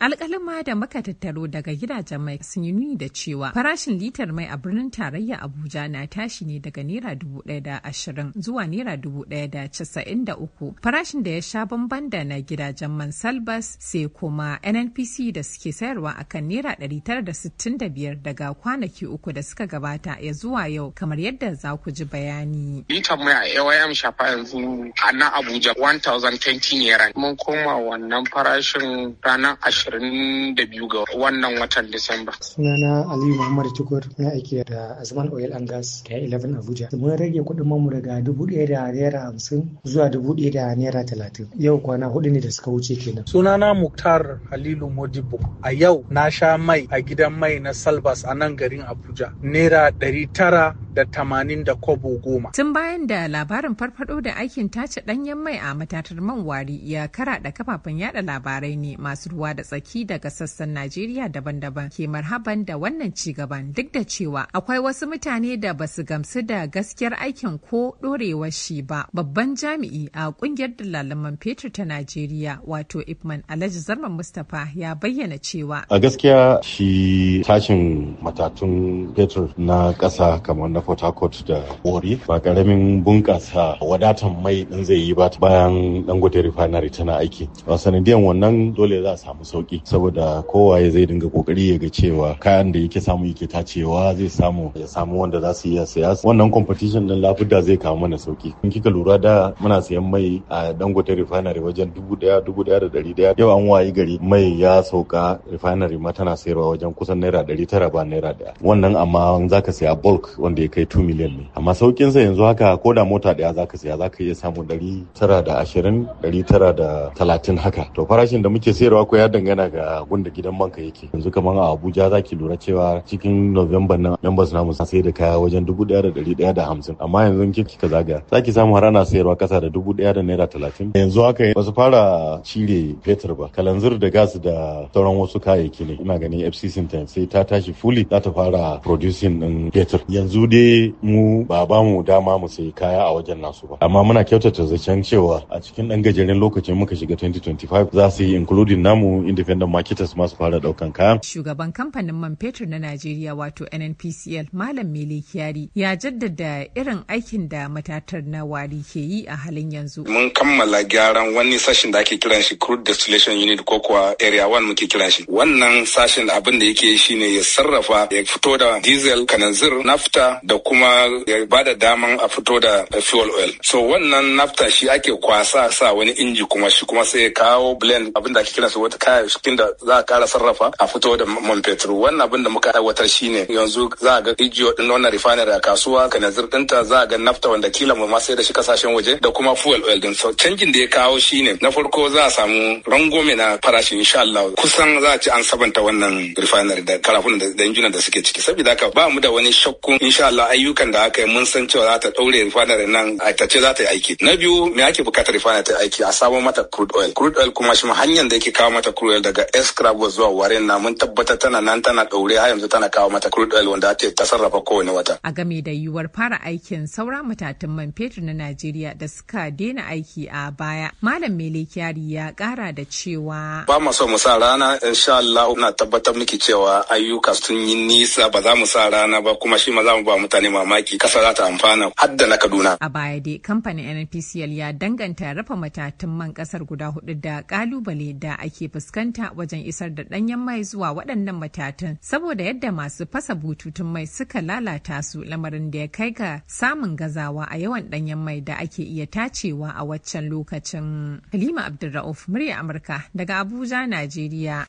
alƙalin da maka tattaro daga gidajen mai sun yi nuni da cewa farashin litar mai a birnin tarayya abuja na tashi ne daga naira dubu ɗaya da ashirin zuwa naira dubu ɗaya da casa'in da uku farashin da ya sha bamban da na gidajen man salbas sai kuma nnpc da suke sayarwa akan naira ɗari tara da sittin da biyar daga kwanaki uku da suka gabata ya zuwa yau kamar yadda za ku ji bayani. litar mai a aym shafa yanzu a nan abuja 1020 naira mun koma wannan farashin ranar ashirin 22 ga wannan watan Disamba. Sunana Aliyu Muhammad Tukur na aiki da Azman Oil and Gas da 11 Abuja. Mun rage kuɗin mamu daga dubu ɗaya da naira hamsin zuwa dubu ɗaya da naira talatin. Yau kwana hudu ne da suka wuce kenan. Sunana Muktar Halilu Modibo. A yau na sha mai a gidan mai na Salbas a nan garin Abuja. Naira ɗari tara da tamanin da kobo goma. Tun bayan da labarin farfado da aikin tace ɗanyen mai a matatar man wari ya kara da kafafen yada labarai ne masu ruwa da tsaki daga sassan Najeriya daban-daban ke marhaban da wannan ci gaban duk da cewa akwai wasu mutane da ba su gamsu da gaskiyar aikin ko ɗorewar shi ba. Babban jami'i a ƙungiyar dalalin man fetur ta Najeriya wato Ipman Alhaji Zarman Mustapha ya bayyana cewa. A gaskiya shi tashin matatun fetur na ƙasa kamar na port harcourt da ori ba karamin bunƙasa wadatan mai din zai yi ba bayan dangote refinery tana aiki a sanadiyan wannan dole za a samu sauki saboda kowaye zai dinga kokari ya ga cewa kayan da yake samu yake tacewa zai samu ya samu wanda za su iya siya. wannan competition din lafuda zai kawo mana sauki in kika lura da muna sayan mai a dangote refinery wajen dubu daya dubu daya da dari daya yau an wayi gari mai ya sauka refinery ma tana sayarwa wajen kusan naira dari tara ba naira daya wannan amma za saya bulk wanda ya kai 2 miliyan ne amma saukin sa yanzu haka ko da mota daya zaka siya zaka iya samu 920 930 haka to farashin da muke sayarwa ko ya dangana ga gunda gidan banka yake yanzu kamar a Abuja zaki lura cewa cikin November nan members namu sun sai da kaya wajen 1150 amma yanzu kika zaga zaki samu har ana sayarwa kasa da 1000 naira ba yanzu haka ba su fara cire fetur ba kalanzir da gas da sauran wasu kayayyaki ne ina ganin FCC sai ta tashi fuli za ta fara producing din fetur yanzu dai dai mu ba ba mu dama mu sayi kaya a wajen nasu ba amma muna kyautata zaken cewa a cikin dan gajeren lokacin muka shiga 2025 za su yi including namu independent marketers masu fara daukan kayan shugaban kamfanin man fetur na Najeriya wato NNPCL Malam Mele Kiyari ya jaddada irin aikin da matatar na wari ke yi a halin yanzu mun kammala gyaran wani sashin da ake kiran shi crude distillation unit ko kuwa area 1 muke kiran shi wannan sashin abin da yake shine ya sarrafa ya fito da diesel kananzir nafta da kuma ya ba da daman a fito da fuel oil so wannan nafta shi ake kwasa sa wani inji kuma shi kuma sai ya kawo blend abin da ake kira su wata kaya cikin da za a kara sarrafa a fito da man fetur wannan abin da muka aiwatar ne yanzu za a ga rijiyo din wannan refinery a kasuwa kanazir dinta za a ga nafta wanda kila mu ma sai da shi kasashen waje da kuma fuel oil din so canjin da ya kawo shine na farko za a samu rangome na farashi insha Allah kusan za a ci an sabanta wannan refinery da karafunan da injunan da suke ciki saboda haka ba mu da wani shakkun insha Allah kalla ayyukan da aka yi mun san cewa za ta ɗaure refinery nan a tace za ta yi aiki na biyu me ake bukatar refinery ta aiki a samo mata crude oil crude oil kuma shi hanyar da yake kawo mata crude oil daga escrabo zuwa warin na mun tabbatar tana nan tana ɗaure har yanzu tana kawo mata crude oil wanda ake ta sarrafa kowane wata a game da yiwuwar fara aikin sauran matatun man fetur na Najeriya da suka daina aiki a baya malam Mele Kyari ya kara da cewa ba mu so mu sa rana insha Allah ina tabbatar miki cewa ayyuka sun yi nisa ba za mu sa rana ba kuma shi ma za mu ba mu mutane mamaki kasa za ta amfana har da na Kaduna. A baya dai kamfanin NPCL ya danganta rafa matatun man kasar guda hudu da kalubale da ake fuskanta wajen isar da danyen mai zuwa waɗannan matatan saboda yadda masu fasa bututun mai suka lalata su lamarin da ya kai ga samun gazawa a yawan danyen mai da ake iya tacewa a waccan lokacin. Halima Abdulra'uf murya Amurka daga Abuja, Najeriya.